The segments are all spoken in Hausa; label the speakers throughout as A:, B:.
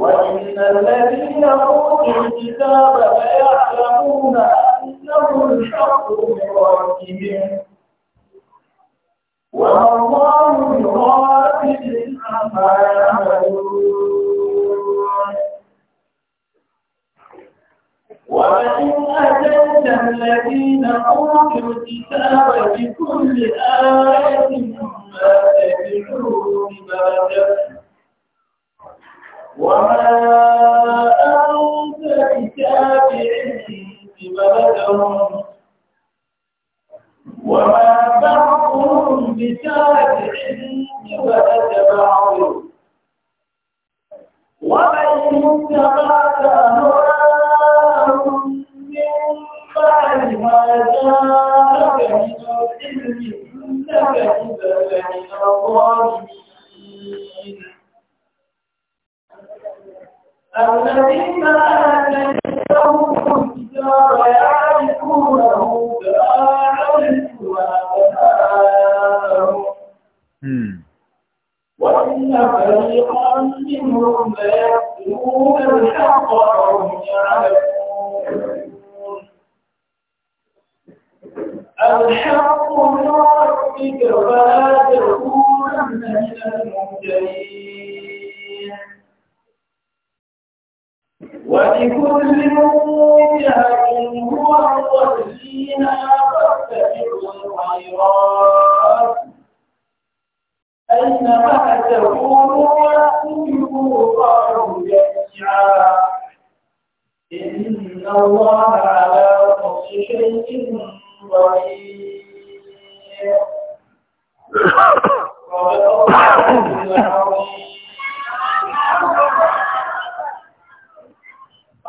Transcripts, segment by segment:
A: وإن الذين أوتوا الكتاب ليعلمون أنه الحق من ربهم وما الله بغافل عما يعملون ولئن أتيت الذين أوتوا الكتاب بكل آية ما تبعوا بما تتلو وما أنت بتابع قبلهم وما بعضهم بتابع قبلة بعض ومن يتبع أهواهم من بعد ما جاءك من العلم إنك إذا لمن الظالمين الذين آتيناهم الكتاب يعرفونه بأعينهم وأبناءهم
B: وإن فريقا
A: منهم ليكتمون الحق وهم يعلمون الحق من ربك فلا تكونن من الممتلين ولكل وجهة هو ولينا فاتبعوا الخيرات أينما تكونوا يأتيكم الله جميعا إن الله على كل شيء قدير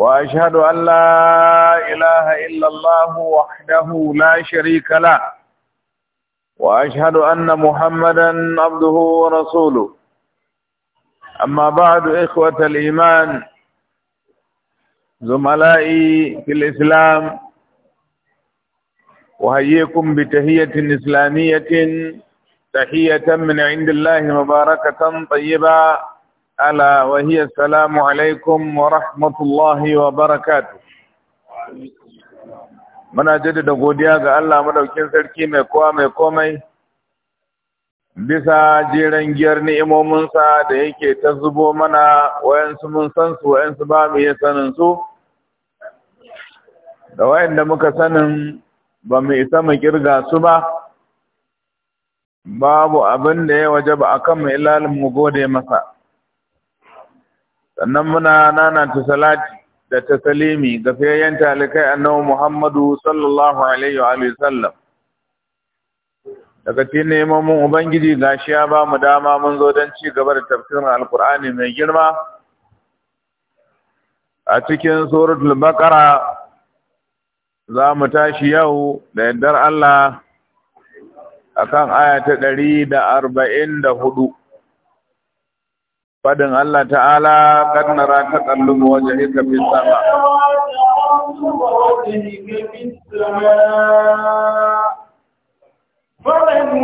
B: وأشهد أن لا إله إلا الله وحده لا شريك له وأشهد أن محمدا عبده ورسوله أما بعد إخوة الإيمان زملائي في الإسلام وهيكم بتهية إسلامية تحية من عند الله مباركة طيبة ألا وهي السلام عليكم ورحمة الله وبركاته muna jaddada godiya ga Allah madaukin sarki mai kowa mai komai bisa jeren giyar ni'imominsa da yake ta zubo mana wayansu mun san su wayansu ba mu iya sanin su da wayanda muka sanin ba mu isa mu kirga su ba babu abin da ya waje ba akan mu ilalin mu gode masa sannan muna nananta salati da tasalimi ga fiyayyen talikai annabi Muhammadu sallallahu alaihi wa sallam daga cikin neman mun ubangiji gashi ya ba mu dama mun zo don ci gaba da tafsirin alkur'ani mai girma a cikin suratul baqara za mu tashi yau da yardar Allah akan aya ta ɗari da arba'in da hudu fadin Allah ta'ala kan na raka ɗallon waje ka fi
A: sama. Bawani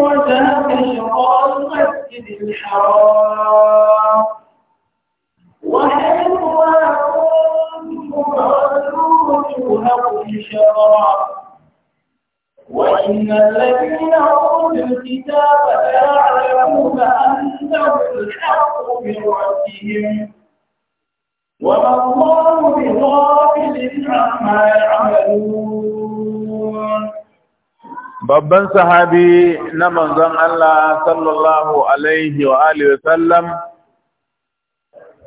A: wata na kashin ƙwallon ƙasidin shawara, wa haifuwa ƙunfuka ruru na ƙunshi shawara. وإن الذين أوتوا الكتاب يعلمون أنه الحق من ربهم وما الله بغافل عما يعملون
B: babban sahabi na manzon Allah sallallahu alaihi wa alihi wa sallam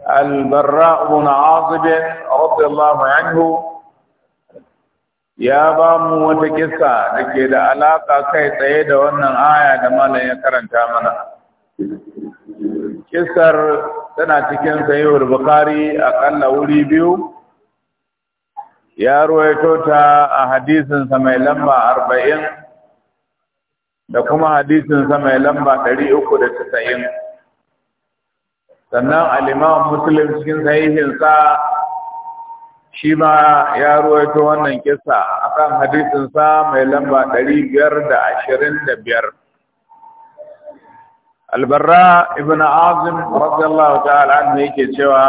B: al-barra' ibn 'azib radiyallahu anhu ya ba mu wata kissa da ke da alaƙa kai tsaye da wannan aya da malam ya karanta mana kissar tana cikin sayyid bukhari ƙalla wuri biyu ya ruwaito ta a hadisinsa mai lamba arba'in da kuma hadisinsa mai lamba ɗari uku da casa'in sannan alimawan Musulun cikin sahihinsa shi ma ya ruwaito wannan kisa a kan hadisinsa mai lamba ɗari biyar da ashirin da biyar albarra ibn azim radiyallahu ta'ala ne yake cewa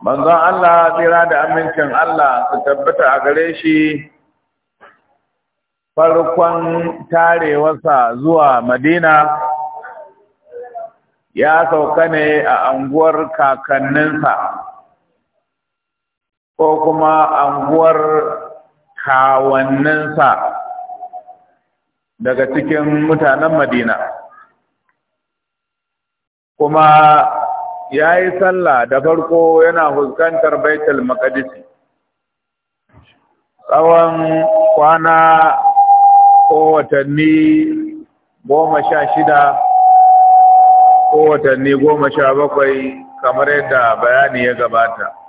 B: manzon Allah tsira da amincin Allah su tabbata a gare shi farkon tarewarsa zuwa madina ya sauka ne a anguwar kakanninsa ko kuma anguwar kawanninsa daga cikin mutanen madina kuma ya yi sallah da farko yana fuskantar baitul maqdisi tsawon kwana ko watanni goma sha shida ko watanni goma sha bakwai kamar yadda bayani ya gabata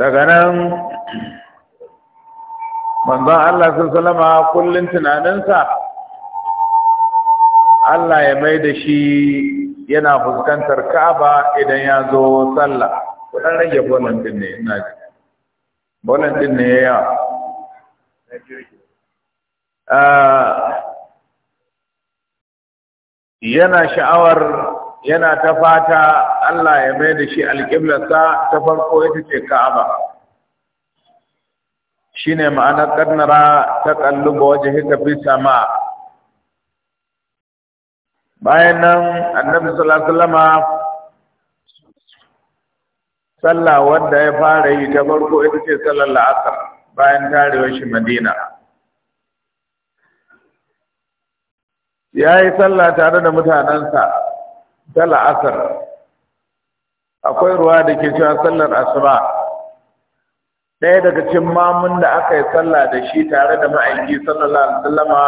B: daga nan manzon Allah sun salama kullum tunaninsa Allah ya mai da shi yana fuskantar Ka'aba idan ya zo sallah kudan rage bolan din ne ina ji bolan din ne ya ah, yana sha'awar yana ta fata Allah ya mai da shi alƙiblarsa ta farko ita ce Ka'aba shine ma'anar karnara ta kalluba waje hika fi sama bayan nan annabi sallallahu alaihi sallah wanda ya fara yi ta farko ita ce sallar la'asar bayan tarewar shi Madina ya yi sallah tare da mutanensa ta la'asar akwai ruwa da ke cewa sallar asuba ɗaya daga cikin mamun da aka yi salla da shi tare da ma'aiki sallallahu alaihi wasallama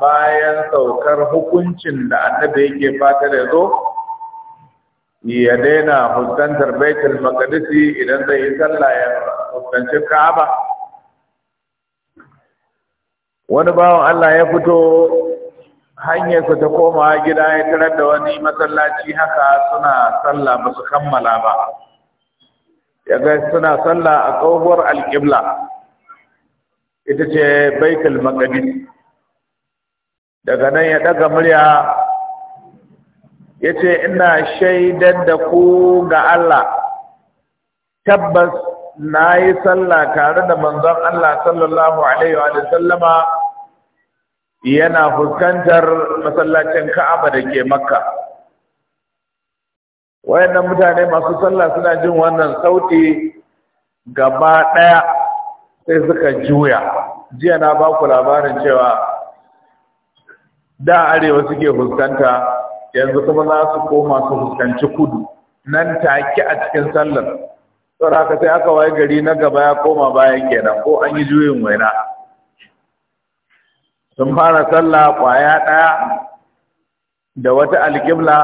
B: bayan saukar hukuncin da annabi yake fata da zo ya daina fuskantar baitul maqdisi idan zai yi salla ya fuskanci ka'aba wani bawan Allah ya fito hanyar su ta koma gida ya tarar da wani masallaci haka suna sallah ba su kammala ba ya ga suna sallah a tsohuwar alƙibla ita ce baitul maqdis daga nan ya daga murya ya ce ina shaidar da ku ga Allah tabbas na yi sallah tare da manzon Allah sallallahu alaihi wa sallama yana fuskantar masallacin Ka'aba da ke Makka wayannan mutane masu sallah suna jin wannan sauti gaba daya sai suka juya jiya na ba ku labarin cewa da arewa suke fuskanta yanzu kuma za su koma su fuskanci kudu nan take a cikin sallar saboda haka sai aka waye gari na gaba ya koma bayan kenan ko an yi juyin waina sun fara sallah kwaya ɗaya da wata alƙibla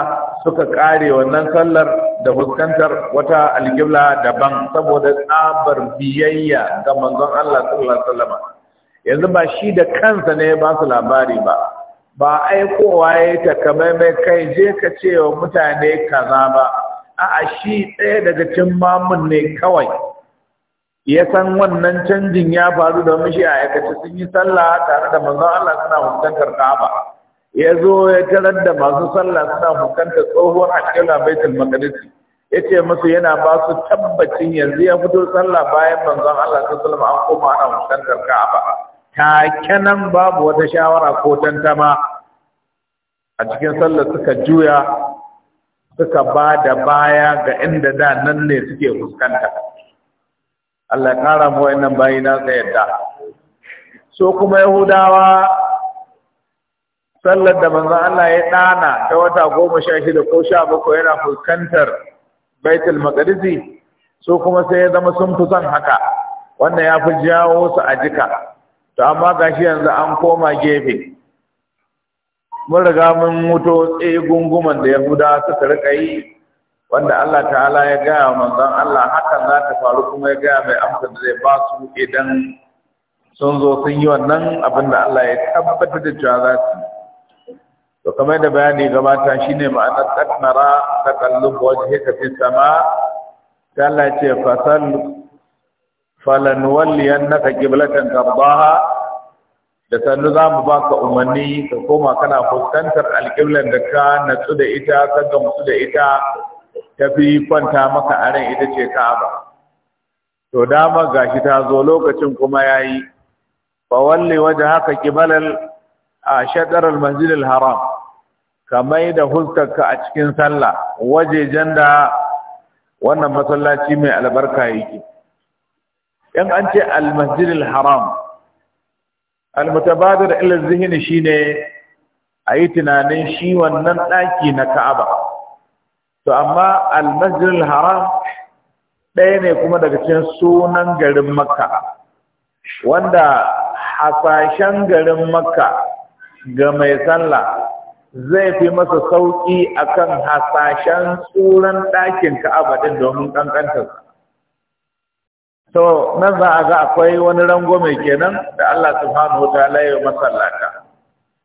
B: suka ƙare wannan sallar da fuskantar wata alƙibla daban saboda tsabar biyayya ga manzon Allah sallallahu alaihi yanzu ba shi da kansa ne ba su labari ba ba aikowa ya takamaimai kai je ka ce wa mutane kaza ba a'a shi ɗaya daga cin mamun ne kawai ya san wannan canjin ya faru da mishi a aikace sun yi sallah tare da manzon Allah suna fuskantar Ka'aba ya zo ya tarar da masu sallah suna fuskantar tsohuwar alƙibla baitul ya ce masu yana ba su tabbacin yanzu ya fito sallah bayan manzon Allah sallallahu alaihi an koma ana fuskantar Ka'aba kenan babu wata shawara ko tantama a cikin sallar suka juya suka ba da baya ga inda da nan ne suke fuskanta Allah kara mu wannan bayi na ka yadda so kuma yahudawa sallar da manzo Allah ya dana ta wata goma sha shida ko sha bakwai yana fuskantar baitul maqdisi so kuma sai ya zama sun fi son haka wannan ya fi jawo su a jika to amma gashi yanzu an koma gefe mun riga mun mutu tsaye gunguman da yahudawa suka rika yi wanda Allah ta'ala ya gaya wa manzon Allah hakan za ta faru kuma ya gaya mai amsa da zai ba su idan sun zo sun yi wannan abin da Allah ya tabbatar da cewa za su to kamar da bayani gabata shine ma'anar qadnara taqallub wajhika fi sama ta Allah ce fasal falanwalliyannaka qiblatan tardaha da sannu za mu ba ka umarni ka koma kana fuskantar alƙiblar da ka natsu da ita ka gamsu da ita ta fi kwanta maka a ran ita ce ka'aba to dama gashi ta zo lokacin kuma yayi fa waje haka qibalal a shadar al haram kamar da huskarka a cikin sallah wajejen da wannan masallaci mai albarka yake in an ce al haram al-mutabadir zihini zihni shine ayi tunanin shi wannan ɗaki na Ka'aba to amma almasjidil haram ɗaya ne kuma daga cikin sunan garin makka wanda hasashen garin makka ga mai sallah zai fi masa sauƙi akan hasashen tsuran ɗakin ka'aba ɗin domin ƙanƙantarsa To nan za a ga akwai wani rango mai kenan da Allah subhanahu wa ta'ala ya masallata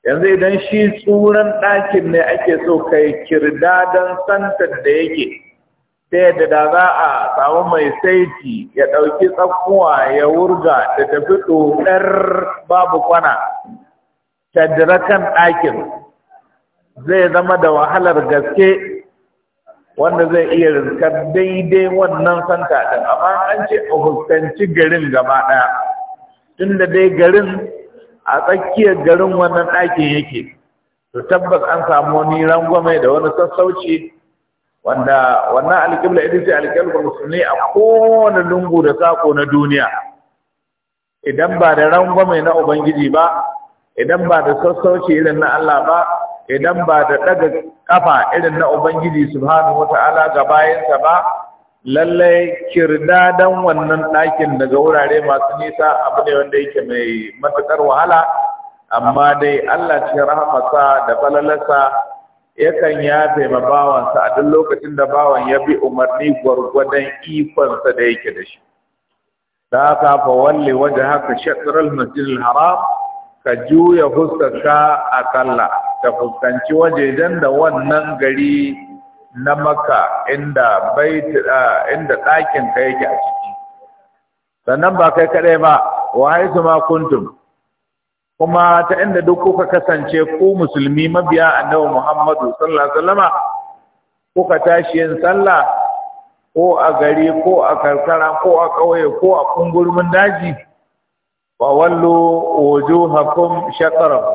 B: yanzu idan shi tsuran ɗakin ne ake so kai kirda don santar da yake ta yadda da za a samu mai saiti ya ɗauki tsakuwa ya wurga da tafi ɗoɗar babu kwana kan ɗakin zai zama da wahalar gaske wanda zai iya rinkar daidai wannan santa ɗin amma an ce a fuskanci garin gaba ɗaya tun da dai garin a tsakiyar garin wannan ɗakin yake to tabbas an samu wani rangwame da wani sassauci wanda wannan alƙibla ita ce alƙibla musulmi a kowane lungu da sako na duniya idan ba da rangwame na ubangiji ba idan ba da sassauci irin na Allah ba idan ba da ɗaga ƙafa irin na ubangiji subhanahu wata'ala ga bayansa ba lallai kirda dan wannan ɗakin daga wurare masu nisa abu ne wanda yake mai matuƙar wahala amma dai Allah ce rahamasa da Falalasa yakan yafe ma bawansa a duk lokacin da bawan ya bi umarni gwargwadon ikonsa da yake da shi Ta haka fa walli waje haka shakirar masjidil haram ka juya fuskarka a kalla ta fuskanci wajejen da wannan gari na maka inda baiti inda ɗakin ka yake a ciki sannan ba kai kaɗai ba wa haisu ma kuntum kuma ta inda duk kuka kasance ku musulmi mabiya annabi Muhammadu sallallahu alaihi wasallama kuka tashi yin sallah ko a gari ko a karkara ko a ƙauye ko a kungurmin daji fa wallu wujuhakum shatarahu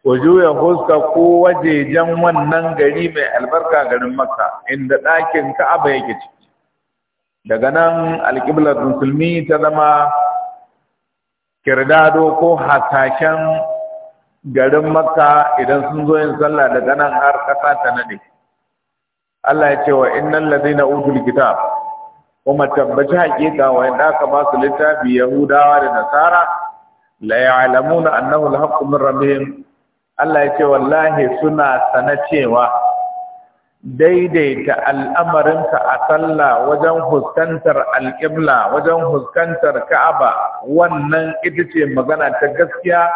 B: ku juya fuska ko wajejen wannan gari mai albarka garin makka inda ɗakin ka'aba yake ciki daga nan alƙiblar musulmi ta zama kirdado ko hasashen garin makka idan sun zo yin sallah daga nan har ƙasa ta nade Allah ya ce wa innal ladina utul kitab kuma tabbaci haƙiƙa wa yanda aka ba su littafi yahudawa da nasara la ya'lamuna annahu al min rabbihim Allah ya ce wallahi suna sana cewa daidaita al'amarinka a sallah wajen huskantar alƙibla wajen huskantar ka'aba wannan ita ce magana ta gaskiya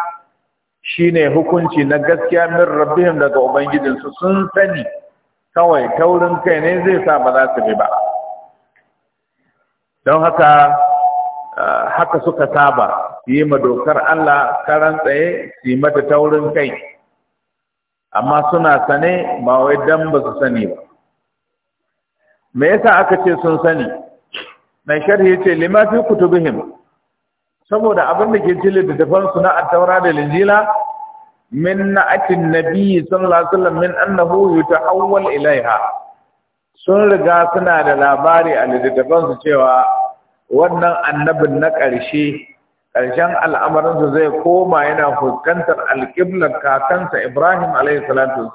B: shine hukunci na gaskiya min rabbihim daga ubangijinsu sun sani kawai taurin kai ne zai sa ba za su bi ba don haka ah, haka suka saba yi ma dokar Allah karan tsaye su yi mata taurin kai amma suna sane ba wai dan ba su sani ba me yasa aka ce sun sani mai sharhi yace lima fi kutubihim saboda abin da ke cile da dafan su na taura da linjila min na'atin nabi sallallahu alaihi wasallam min annahu yutahawwal ilaiha sun riga suna da labari a su cewa wannan annabin na ƙarshe ƙarshen al'amarinsa zai koma yana fuskantar alƙiblar kakansa Ibrahim alaihi salatu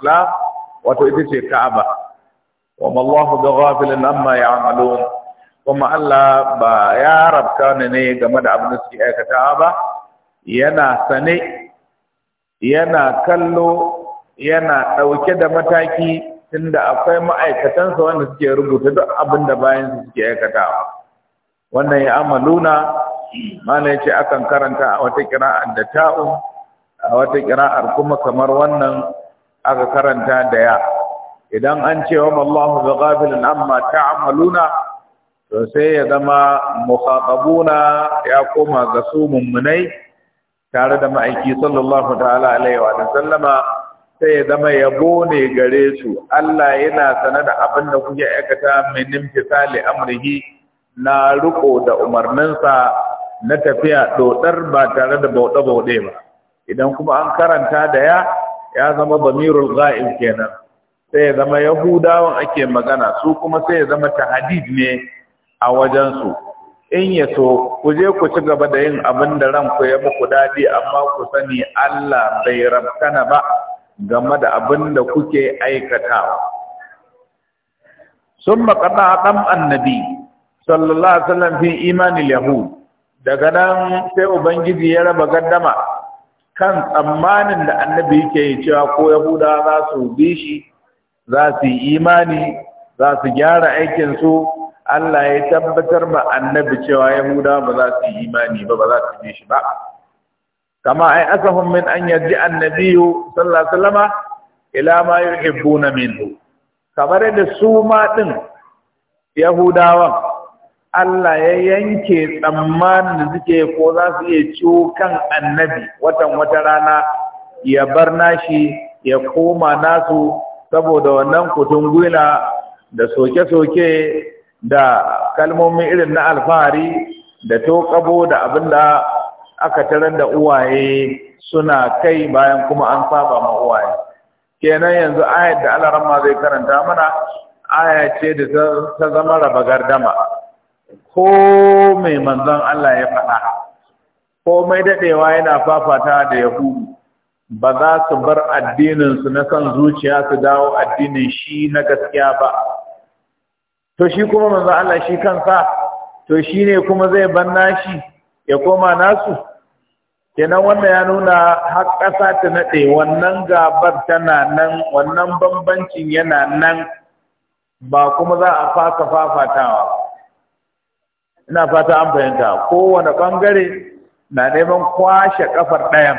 B: wato ita ce Ka'aba wa mallahu da ghafilin amma amalu. kuma Allah ba ya rabta ne game da abin da suke aikatawa ba yana sane yana kallo yana ɗauke da mataki tunda akwai ma'aikatansa wanda suke rubuta duk abin da bayan su suke aikatawa wannan ya amaluna mana yace akan karanta a wata kira'a da ta'u a wata kira'ar kuma kamar wannan aka karanta da ya idan an ce wa Allahu bighafilin amma ta'maluna to sai ya zama muhaqabuna ya koma ga su mummunai tare da ma'aiki sallallahu ta'ala alaihi wa sallama sai ya zama yabo ne gare su Allah yana sanar da abin da kuke aikata min nimfisali amrihi na riko da umarninsa na tafiya dodar ba tare da bauɗe-bauɗe ba idan kuma an karanta da ya ya zama bamirul ga'ib kenan sai ya zama yahudawan ake magana su kuma sai ya zama tahadid ne a wajensu in ya so ku je ku ci gaba da yin abin da ranku ya muku daɗi amma ku sani Allah bai rabtana ba game da abin da kuke aikatawa sun maƙaɗa ɗan annabi sallallahu alaihi wasallam fi imanin yahud daga nan sai ubangiji ya raba gaddama kan tsammanin da annabi yake yi cewa ko yahuda za su bi shi za su yi imani za su gyara aikinsu allah ya tabbatar ma annabi cewa yahuda ba za su yi imani ba ba za su bi shi ba kama ai asahun min an yaji annabi sallallahu alaihi ila ma yuhibbuna minhu kamar da su ma din yahudawan Allah ya yanke tsammanin da suke ko za su iya ciwo kan annabi watan wata rana ya bar nashi ya koma nasu saboda wannan kutun gwila da soke-soke da kalmomin irin na alfahari da tokabo da abin da aka tarar da uwaye suna kai bayan kuma an saba ma uwaye kenan yanzu ayat da Allah zai karanta mana aya ce da ta zama raba gardama ko mai manzon Allah ya faɗa ko mai dadewa yana fafata da yahudu ba za su bar addininsu na san zuciya su dawo addinin shi na gaskiya ba to shi kuma manzon Allah shi kansa to shi ne kuma zai banna shi ya koma nasu kenan wannan ya nuna har ƙasa ta naɗe wannan gabar tana nan wannan bambancin yana nan ba kuma za a fasa fafatawa ina fata an fahimta kowane ɓangare na neman kwashe ƙafar ɗayan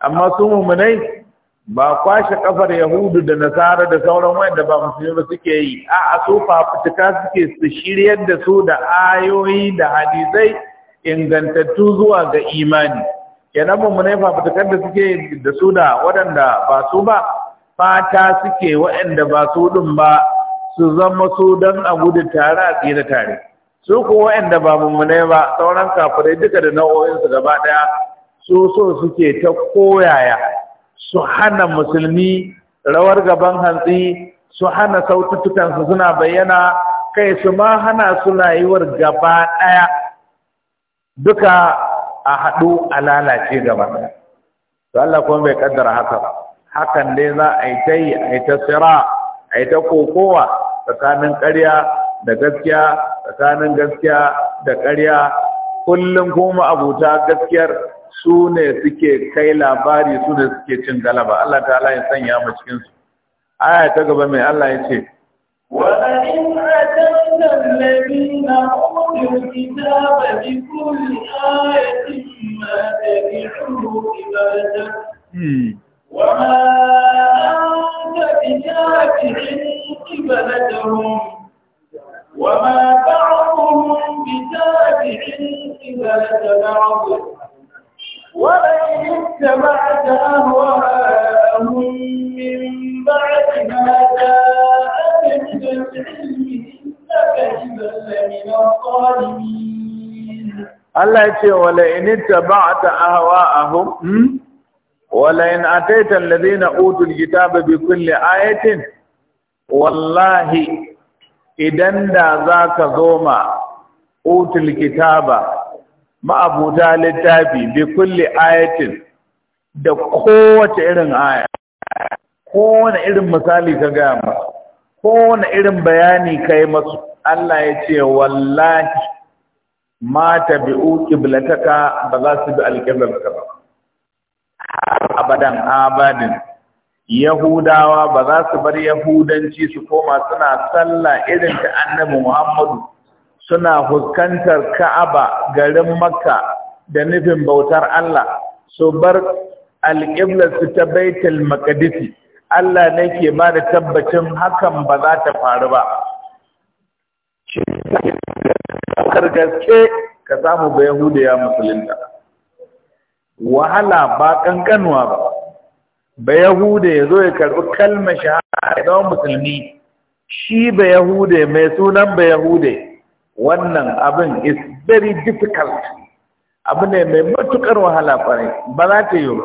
B: amma su mumunai ba kwashe ƙafar yahudu da nasara da sauran wanda ba musulmi ba suke yi a a su fafutuka suke su shiryar da su da ayoyi da hadisai ingantattu zuwa ga imani Yana mummunai fafutukar da suke da su da waɗanda ba su ba fata suke waɗanda ba su ɗin ba su zama su don a gudu tare a tsira tare su ko wa'anda ba mummunai ba sauran kafirai duka da nau'o'insu gaba ɗaya su so suke ta koyaya su hana musulmi rawar gaban hantsi su hana saututtukansu suna bayyana kai su ma hana suna yiwar gaba ɗaya duka a haɗu a lalace gaba ɗaya to Allah kuma bai kaddara haka hakan dai za a yi ta yi a yi ta sira a yi ta kokowa tsakanin ƙarya da gaskiya tsakanin gaskiya da ƙarya kullum kuma abuta gaskiyar su ne suke kai labari su ne suke cin galaba Allah ta ta'ala ya sanya mu cikin su aya ta gaba mai Allah ya ce
A: وَلَئِنْ أَتَيْتَ الَّذِينَ أُوتُوا الْكِتَابَ بِكُلِّ آيَةٍ مَا تَبِعُوا قِبَلَتَكَ وَمَا أَنْتَ بِشَافِعٍ قِبَلَتَهُمْ وما بعضهم بتابع إلا بعض ولئن اتبعت أهواءهم من بعد ما جاءك من العلم إنك إذا لمن الظالمين
B: الله يقول ولئن اتبعت أهواءهم ولئن أتيت الذين أوتوا الكتاب بكل آية والله idan da za ka zo ma kitaba ma'abuta littafi bi kulli ayatin da kowace irin aya kowane irin misali ka gaya masu kowane irin bayani ka yi masu Allah ya ce wallahi mata uki ƙiblataka ba za su bi ka ba abadan abadin yahudawa ba za su bar yahudanci su koma suna sallah irin ta annabi muhammadu suna fuskantar ka'aba garin makka da nufin bautar allah su bar alƙiblarsu ta baitul maqdisi allah ne ke ba da tabbacin hakan ba za ta faru ba kar gaske ka samu ba Yahudu ya musulunta wahala ba ƙanƙanuwa ba ba yahuda ya zo ya karɓi kalmar shahara. ya musulmi shi ba Yahuda mai sunan ba Yahuda wannan abin is very difficult abu ne mai matukar wahala kwarai ba za ta yi ba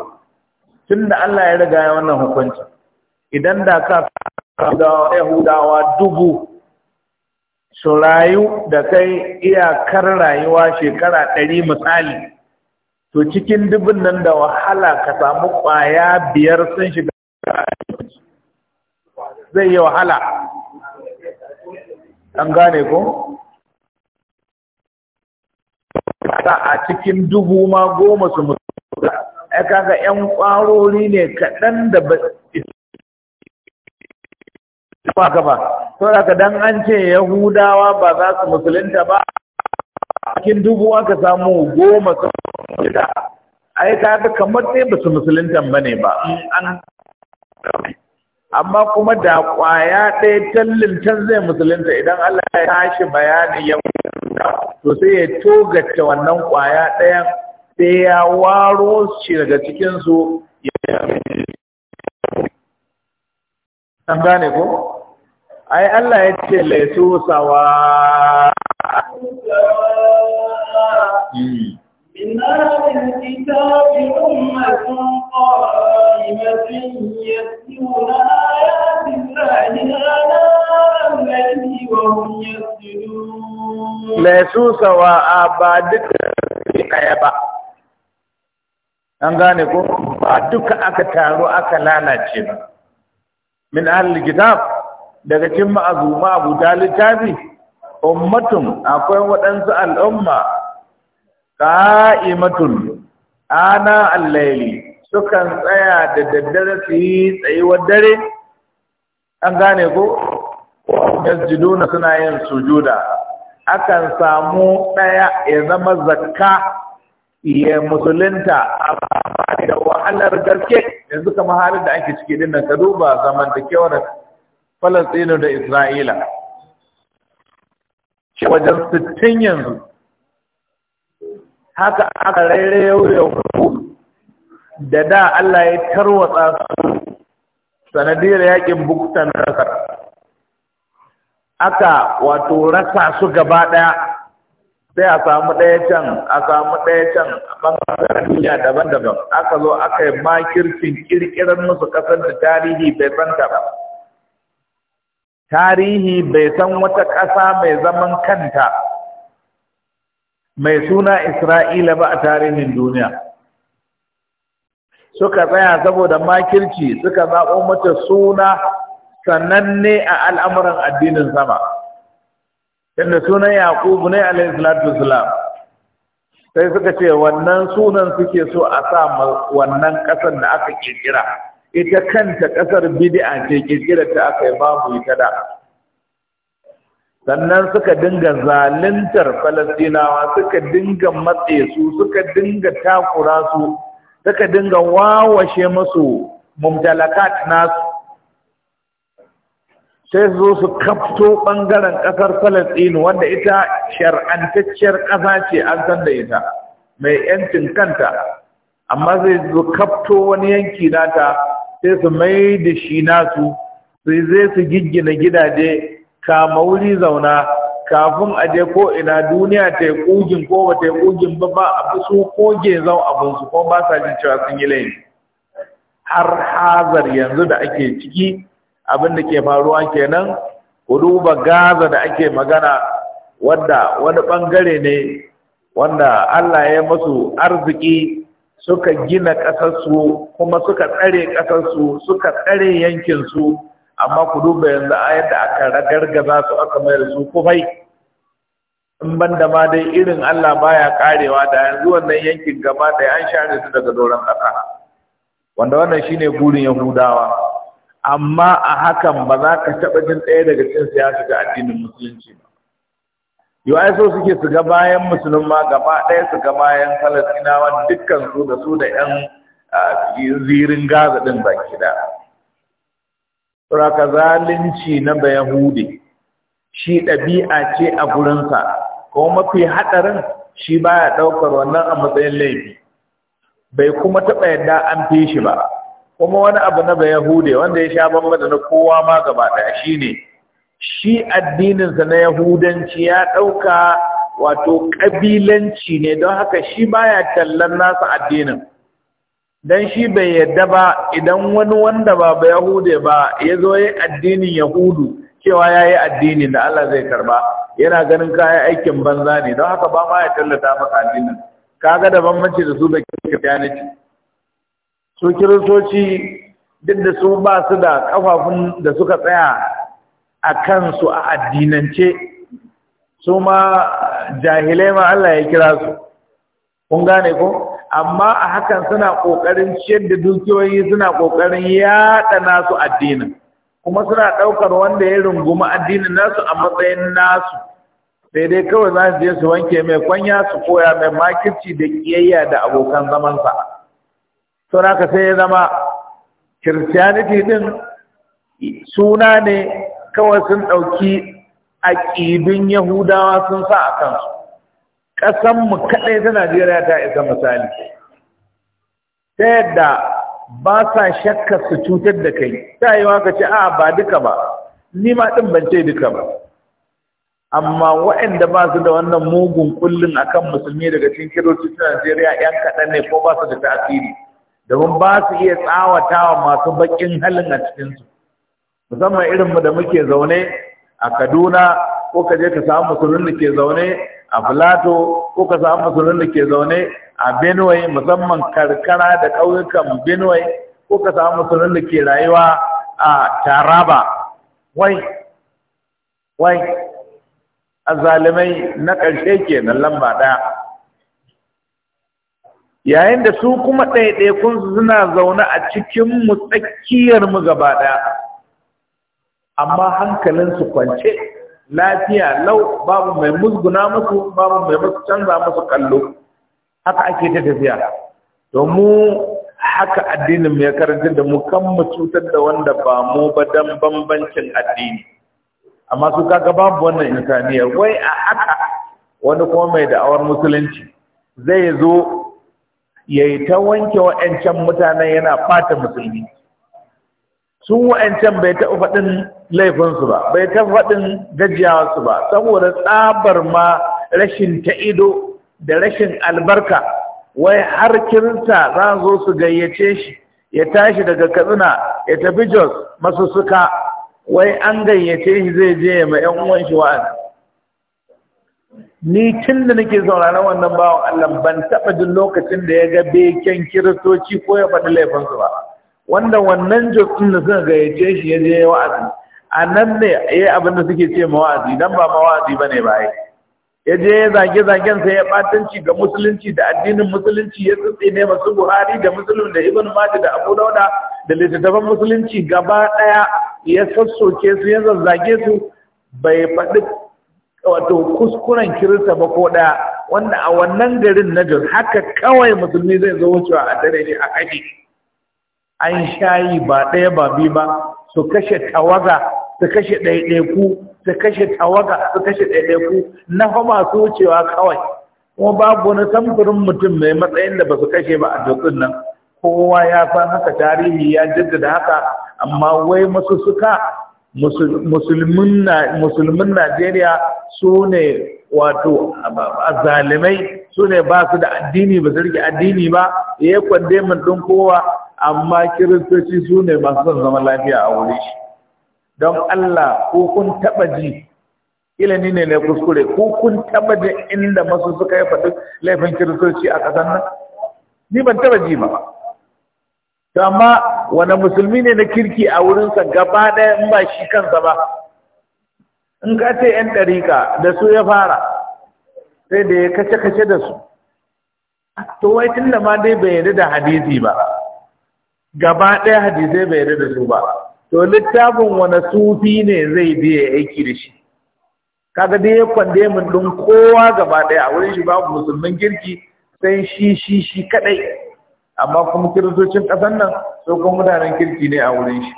B: tun da Allah ya riga ya wannan hukunci idan da ka yahudawa dubu su rayu da kai iyakar rayuwa shekara ɗari misali to cikin dubin nan da wahala ka samu ƙwaya biyar sun shiga
A: zai yi wahala
B: an gane ko? a cikin dubu ma goma su mutu ya kaga 'yan ƙwarori ne kaɗan da ba ba ka ba saboda dan an ce yahudawa ba za su musulunta ba cikin dubu aka samu goma su da ai ka ga kamar dai ba su musuluntan bane ba mm, amma kuma da kwaya ɗaya tallin can zai musulunta idan Allah ya tashi bayani ya to sai ya togata wannan kwaya ɗaya sai ya waro shi daga cikin su ya an gane ko ai Allah ya ce laisu sawa
A: mm. Mai
B: susawa a duka ya ba an gane ko ba duka aka taru aka lalace ba min ahlul kitab daga cikin ma'azuma abu littafi ummatum akwai waɗansu al'umma qa'imatun ana al sukan tsaya da daddare su yi tsayuwar dare an gane ko yasjuduna suna yin sujuda akan samu ɗaya ya zama zakka ya musulunta amma da wahalar gaske yanzu kamar halin da ake ciki din nan ka duba zamantakewar Falastinu da Isra'ila wajen sittin yanzu haka aka raira yau da da Allah ya tarwatsa su sanadiyar yakin buktan nasar aka wato rasa su gaba daya sai a samu ɗaya can a samu ɗaya can a ɓangaren duniya daban-daban aka zo aka yi makircin ƙirƙirar musu ƙasar da tarihi bai san ba tarihi bai san wata ƙasa mai zaman kanta mai suna isra'ila ba a tarihin duniya suka tsaya saboda makirci suka zaɓo mata suna sannan ne a al'amuran addinin sama inda sunan yaƙubu ne alayhi salatu sai suka ce wannan sunan suke so a sa wannan ƙasar da aka ƙirƙira ita kanta ƙasar bidi'a ce ƙirƙirar ta aka yi babu ita da sannan suka dinga zaluntar falastinawa suka dinga matse su suka dinga takura su suka dinga wawashe musu mumtalakat nasu sai su zo su kafto ɓangaren ƙasar falastinu wanda ita shar'antacciyar ƙasa ce an san da ita mai yancin kanta amma zai zo kafto wani yanki nata sai su mai da shi nasu sai zai su giggina gidaje Ka wuri zauna kafin a je ko ina duniya ta yi kugin ko ba ta yi kugin ba ba a su koge zau abinsu ko ba sa jin cewa sun yi laifi har hazar yanzu da ake ciki abin da ke faruwa kenan ku duba gaza da ake magana wadda wani bangare ne wanda Allah ya masu arziki suka gina ƙasarsu kuma suka tsare ƙasarsu suka tsare yankinsu amma ku duba yanzu a yadda aka ragargaza su aka mai da su kufai in ban da ma dai irin Allah baya karewa da yanzu wannan yankin gaba da an share su daga doron kasa wanda wannan shine burin Yahudawa amma a hakan ba za ka taɓa jin ɗaya daga cin siyasa ya addinin musulunci ba yau ai so suke su ga bayan musulma gaba ɗaya su ga bayan falastinawa dukkan su da su da 'yan ah, zirin gaza ɗin baki ɗaya Suraka zalunci na Bayahudi, shi ɗabi'a ce a gurinsa, kuma mafi haɗarin shi baya ɗaukar wannan a matsayin laifi, bai kuma taɓa yadda an fi shi ba. Kuma wani abu na Yahudi wanda ya sha ban da na kowa ma gaba ɗaya shi ne, shi addininsa na Yahudanci ya ɗauka wato ƙabilanci ne don haka shi baya tallan nasa addinin. dan shi bai yadda ba idan wani wanda ba ba yahude ba ya zo ya addinin yahudu cewa ya yi addinin da Allah zai karba yana ganin kayan aikin banza ne don haka ba ma ya tallata maka addinin kaga da bambanci da su da kiristiyaniti su kiristoci duk da su ba su da kafafun da suka tsaya a kansu a addinance su ma jahilai ma Allah ya kira su kun gane ko amma a hakan suna ƙoƙarin ciyar da dukiyoyi suna ƙoƙarin yaɗa nasu addinin kuma suna ɗaukar wanda ya rungumi addinin nasu a matsayin nasu sai dai kawai za su je su wanke mai kwanya su koya mai makirci da ƙiyayya da abokan zamansa to haka sai ya zama christianity din suna ne kawai sun ɗauki aƙidun yahudawa sun sa a kansu ƙasanmu kaɗai ta Najeriya ta isa misali ta yadda ba sa shakka su cutar da kai ta yi waka ce a ba duka ba ni ma ɗin ban ce duka ba amma waɗanda ba su da wannan mugun kullum akan musulmi daga cikin ta Najeriya yan kaɗan ne ko ba su da tasiri domin ba su iya tsawatawa masu baƙin halin a cikinsu musamman irinmu da muke zaune a kaduna ko ka je ka samu musulmin da ke zaune a plato ko ka samu musulmin da ke zaune a benue musamman karkara da ƙauyukan benue ko ka samu musulmin da ke rayuwa a taraba wai wai azalimai na ƙarshe ke na lamba ɗaya yayin da su kuma ɗaiɗaikunsu suna zaune a cikin mu tsakiyar mu gaba ɗaya amma hankalin hankalinsu kwance lafiya lau babu mai musguna musu babu mai musu canza musu kallo haka ake ta tafiya domin haka addinin mu ya karanta da mu kan mu cutar da wanda ba mu ba dan bambancin addini amma su kaga babu wannan insaniyar wai a haka wani kuma mai da'awar musulunci zai zo ya yi ta wanke wa'ancan mutanen yana fata musulmi Sun wa'ancan bai taɓa faɗin laifinsu ba bai taɓa faɗin gajiyawarsu ba saboda tsabar ma rashin ta ido da rashin albarka wai har kirista za zo su gayyace shi ya tashi daga katsina ya tafi jos masu suka wai an gayyace shi zai je ma yan uwan shi wa'an ni tun da nake sauraron wannan bawan Allah ban taɓa jin lokacin da ya ga beken kiristoci ko ya faɗi laifinsu ba wanda wannan jokin da suka gayyace shi ya je wa'azi a nan ne ya yi abin da suke ce mawa'azi, don ba mawa'azi ba ne ba yi ya je ya zage-zagen sai ya batanci ga musulunci da addinin musulunci ya tsitse ne masu buhari da musulun da ibn mati da abu dauda da littattafan musulunci gaba ɗaya ya sassoke su ya zazzage su bai faɗi wato kuskuren kirista ba ko ɗaya wanda a wannan garin na haka kawai musulmi zai zo wucewa a dare ne a kashi an shayi ba ɗaya ba biyu ba su kashe tawaga su kashe ɗaiɗaiku su kashe tawaga su kashe ɗaiɗaiku na fa masu wucewa kawai kuma babu wani samfurin mutum mai matsayin da ba su kashe ba a dutsen nan kowa ya san haka tarihi ya jaddada haka amma wai masu suka musulmin najeriya su ne wato zalimai su ne ba su da addini ba su addini ba ya kwande min ɗin kowa amma kiristoci su ne masu son zaman lafiya a wuri shi don Allah ko kun taɓa ji ilimi ne na kuskure ko kun taɓa da inda masu suka yi faɗi laifin kiristoci a ƙasar nan ni ban taɓa ji ba to amma wani musulmi ne na kirki a wurinsa gaba ɗaya in ba shi kansa ba in ka ce 'yan ɗarika da su ya fara sai da ya kace-kace da su to wai tun da ma dai bai yarda da hadisi ba gaba ɗaya hadisai bai yarda da su ba to littafin wani sufi ne zai biya aiki da shi kaga dai ya kwande min ɗin kowa gaba ɗaya a wurin shi babu musulmin kirki sai shi shi shi kaɗai amma kuma kiristocin ƙasar nan so kuma mutanen kirki ne a wurin shi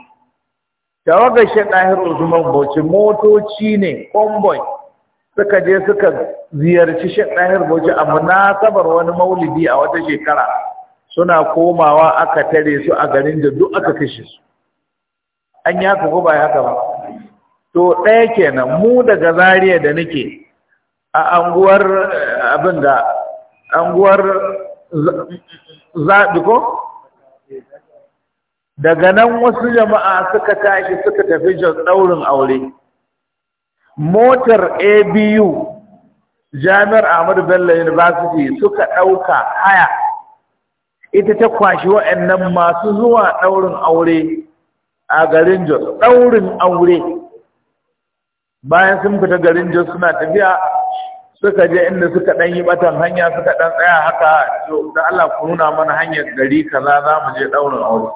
B: tawagar shi ɗahir usman bauchi motoci ne konvoy suka je suka ziyarci shi ɗahir bauchi a munasabar wani maulidi a wata shekara suna komawa aka tare su a garin da duk aka kashe su an yi haka ko ba haka ba to ɗaya kenan mu daga zariya da nake a anguwar eh, abin da anguwar zaɓi ko daga nan wasu jama'a suka tashi suka tafi jos ɗaurin aure motar abu jami'ar ahmadu bello university suka ɗauka haya ita ta kwashi wa'annan masu zuwa ɗaurin aure a garin Jos ɗaurin aure bayan sun fita garin Jos suna tafiya suka je inda suka ɗan yi batan hanya suka ɗan tsaya haka da Allah ku nuna mana hanyar gari kaza za mu je ɗaurin aure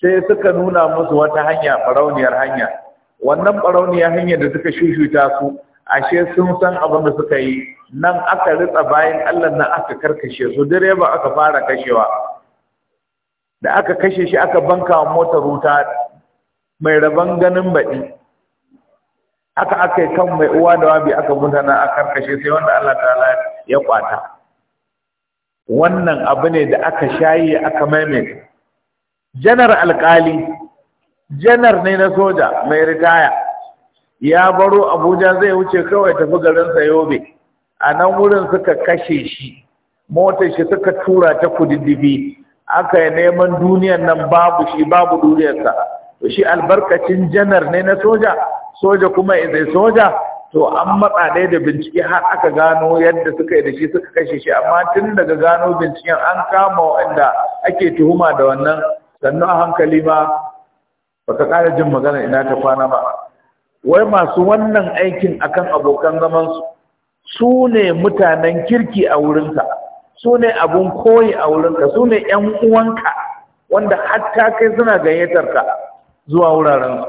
B: sai suka nuna musu wata hanya barauniyar hanya wannan barauniyar hanyar da suka shushuta su ashe sun san abin da suka yi nan aka ritsa bayan Allah na aka karkashe su direba aka fara kashewa da aka kashe shi aka banka motar wuta mai rabon ganin baɗi aka aka kan mai uwa da wabi aka mutana a karkashe sai wanda Allah ya kwata wannan abu ne da aka shayi aka maimaita janar alkali janar ne na soja mai ritaya ya baro abuja zai wuce kawai tafi garinsa yobe a nan wurin suka kashe shi motar shi suka tura ta kudiddibi aka yi neman duniyar nan babu shi babu duniyarsa to shi albarkacin janar ne na soja soja kuma izai soja to an matsa ɗaya da bincike har aka gano yadda suka yi da shi suka kashe shi amma tun daga gano binciken an kama wanda ake tuhuma da wannan sannu a hankali ba baka ƙara jin magana ina ta kwana ba wai masu wannan aikin akan abokan zamansu su ne mutanen kirki a wurinka su ne abun koyi a wurinka su ne ‘yan uwanka wanda hatta kai suna gayyatar ka zuwa wuraren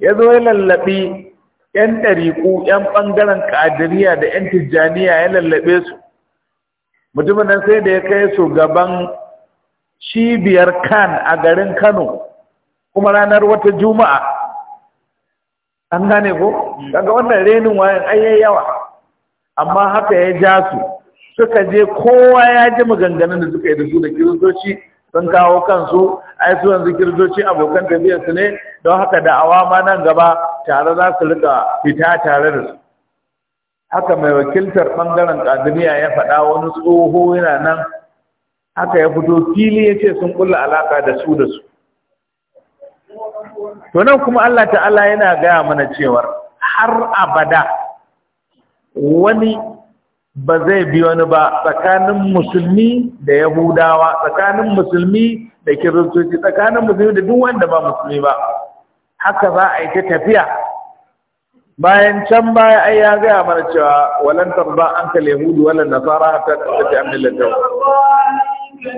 B: ya zo ya lallabi ‘yan ɗariƙu ‘yan ɓangaren ƙadiriya da ‘yan tijjaniya ya lallabe su mutumin nan sai da ya kai su gaban cibiyar kan a garin kano kuma ranar wata juma'a an gane ko daga hmm. wannan renin wayan ai yawa amma haka ya ja su suka je kowa ya ji maganganun da suka yi da su da kirzoci sun kawo kansu ai su yanzu kirzoci abokan tafiyar su ne don haka da awa ma nan gaba tare za su rika fita tare da su haka mai wakiltar bangaren kaduniya ya faɗa wani tsoho yana nan haka ya fito fili ya ce sun kulla alaka da su da su to nan kuma Allah ta'ala yana gaya mana cewar har abada wani ba zai bi wani ba tsakanin musulmi da yahudawa tsakanin musulmi da kiristoci tsakanin musulmi da duk wanda ba musulmi ba haka za a yi ta tafiya bayan can baya ai ya gaya mana cewa walan tarba an ka yahudu walan nasara ta tafi tattabi amillatahu To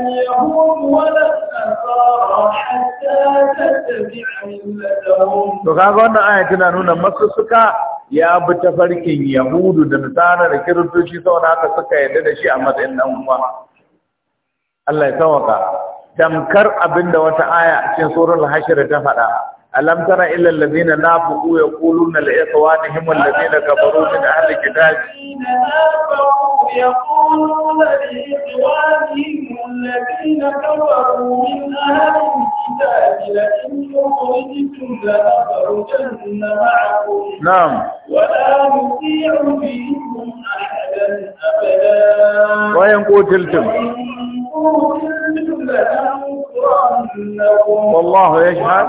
B: ga wannan aya tana nuna masu suka ya bi ta farkin Yahudu da Nasara da Kiristoci saboda haka suka yarda da shi a matsayin nan uwa. Allah ya sawaka. Tamkar abinda wata aya cikin surul Hashir ta faɗa. ألم تر إلا الذين نافقوا يقولون لإخوانهم الذين
A: كفروا من أهل الكتاب يقولون لإخوانهم الذين كفروا من أهل الكتاب لئن لأخرجن معكم نعم ولا أحدا أبدا وإن قتلتم وإن قتلتم والله يشهد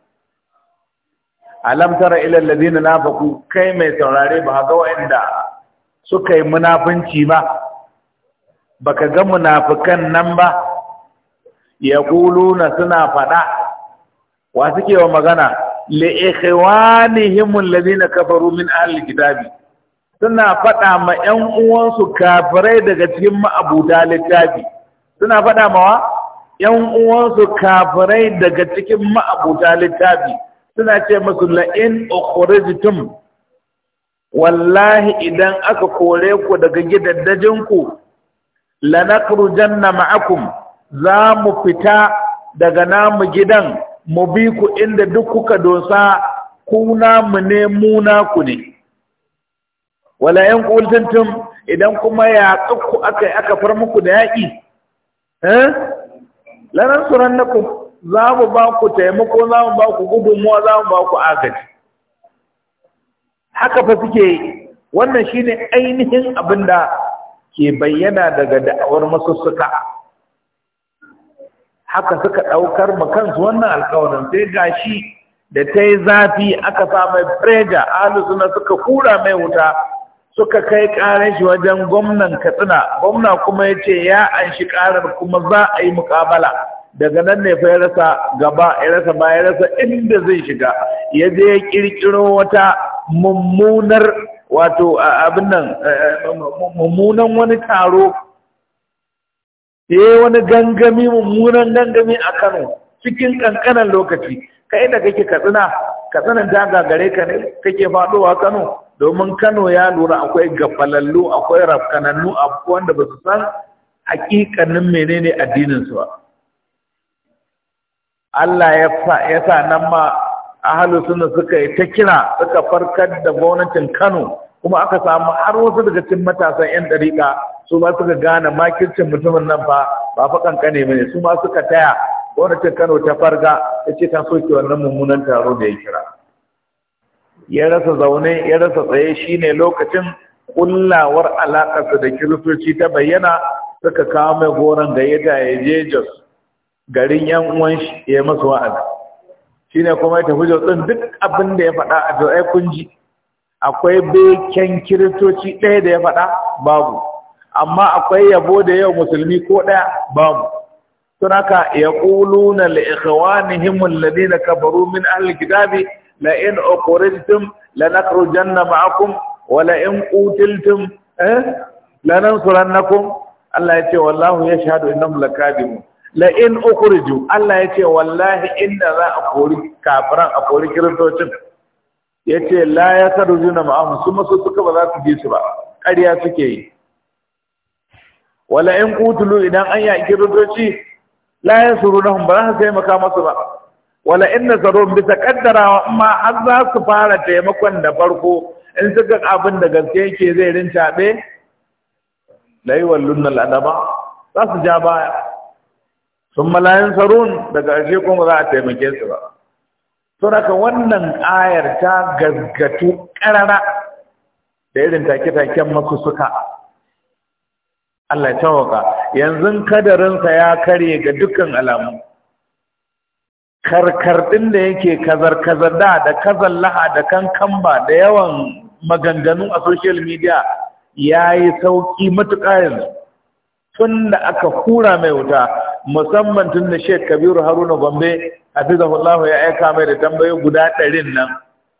B: alam tara ila alladhina nafaku kai mai saurare ba ga wanda suka yi munafunci ba baka ga munafukan nan ba Yakuluna suna fada wa suke wa magana li ikhwanihim alladhina kafaru min ahli kitabi suna fada ma ƴan uwansu kafirai daga cikin ma'abuta littafi suna fada ma wa ƴan uwansu kafirai daga cikin ma'abuta littafi suna ce masu la'in tun. wallahi idan aka kore ku daga gidaddajinku ku lanakhrujanna ma'akum za mu fita daga namu gidan mu bi ku inda duk kuka dosa ku namu ne muna ku ne wala yan idan kuma ya aka aka far muku da yaki eh ku. za mu ba ku taimako za mu ba ku gudunmuwa za mu ba ku agaji haka fa suke yi wannan shine ainihin abin da ke bayyana daga da'awar masussuka haka suka ɗaukar ma kansu wannan alkawarin sai shi da ta yi zafi aka sa mai freja suna suka kura mai wuta suka kai ƙarar shi wajen gwamnan katsina gwamna kuma ya ce ya an shi ƙarar kuma za a yi mukabala daga nan ne fa ya rasa gaba ya rasa ba ya rasa inda zai shiga ya je ya kirkiro wata mummunar wato abin nan mummunan wani taro ya wani gangami mummunan gangami a kano cikin kankanan lokaci kai da kake katsina katsinan ta gagare ka ne kake faɗowa kano domin kano ya lura akwai gafalallu akwai rafkanannu akwai wanda ba su san hakikanin menene addinin su ba Allah ya sa nan ma ahalu suna suka yi ta kira suka farkar da gwamnatin Kano kuma aka samu har wasu daga cikin matasan 'yan ɗariƙa su ma suka gane makircin mutumin nan fa ba fa kankane ne su ma suka taya gwamnatin Kano ta farga ta ce ta soke wannan mummunan taro da ya kira ya rasa zaune ya rasa tsaye shine lokacin kullawar alaƙarsa da kiristoci ta bayyana suka kawo mai goron gayyata ya je Jos garin yan uwan shi ya masa wa'azi ne kuma ya tafi jotsin duk abin da ya faɗa a jo'ai kun ji akwai beken kiristoci ɗaya da ya faɗa babu amma akwai yabo da yau musulmi ko ɗaya babu tun haka ya ƙuluna li ikhwanihim na kabaru min ahli kitabi la in na lanakhrujanna ma'akum wa wala in qutiltum eh lanansurannakum Allah ya ce wallahu yashhadu innahum lakadimun la'in ukuriju Allah ya ce wallahi inda za a kori kafiran a kori kiristocin ya ce la ya karu juna ma'amu su masu suka ba za su ji su ba ƙarya suke yi wala in kutulu idan an yi kiristoci la ya suru na ba za su taimaka masu ba wala in na tsaro bisa kaddarawa amma har za su fara taimakon da farko in suka abin da gaske yake zai rincaɓe la yi wallun na ladaba za su ja baya sun malayan sarun daga ashe kuma za a taimake su ba saboda wannan ayar ta gazgatu karara da irin take-taken masu suka Allah tawaka yanzu kadarinsa ya karye ga dukkan alamu karkardin da yake kazar-kazar da da kazar laha da kankan ba da yawan maganganu a social media ya yi sauƙi matuƙa yanzu tun da aka kura mai wuta musamman tun da shek Kabiru Haruna Gombe zafullahu ya aika mai da tambayoyi guda ɗarin nan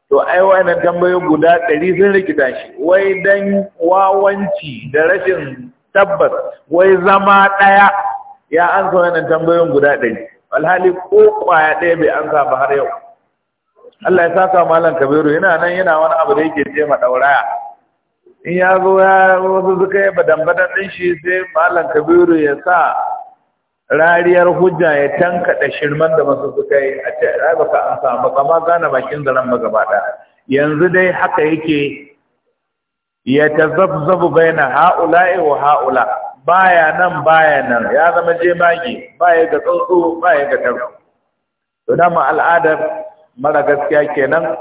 B: to ai wayannan tambayo guda ɗari sun rikita shi wai dan wawanci da rashin tabbas wai zama ɗaya ya ansa wani tambayoyin guda ɗari alhali ko kwaya ɗaya bai anka ba har yau Allah ya saka malam Kabiru yana nan yana wani abu da yake ce ma ɗauraya in ya zo ya wasu suka yi badan-badan ɗin shi sai malam kabiru ya sa rariyar hujja ya tankaɗa shirman da masu suka yi a ce ai ka an samu baka ma gane bakin zaren ba gaba yanzu dai haka yake ya tazabzabu baina ha'ula'i wa ha'ula baya nan baya nan ya zama je jemage baya ga tsotso baya ga tarko to dama al'adar mara gaskiya kenan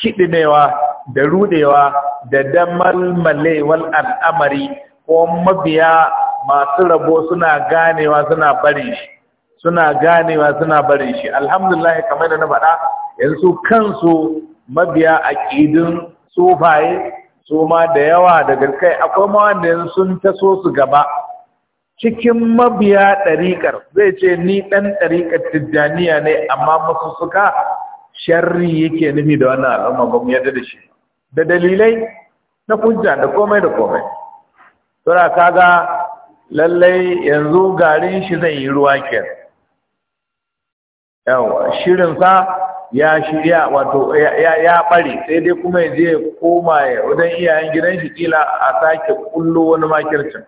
B: kiɗinewa da rudewa da damar malewal al'amari ko mabiya masu rabo suna ganewa suna barin shi suna ganewa suna barin shi alhamdulillah kamar da na faɗa yanzu kansu mabiya a ƙidin sufaye su ma da yawa da kai, akwai ma wanda yanzu sun taso su gaba cikin mabiya ɗariƙar zai ce ni ɗan ɗariƙar tijjaniya ne amma masu suka sharri yake nufi da wannan al'umma ba mu yadda da shi da dalilai na hujja da komai da komai tura kaga lallai yanzu garin shi zai yi ruwa ke shirinsa ya shirya wato ya bare sai dai kuma ya je koma ya wajen iyayen gidan shi kila a sake kullo wani makircin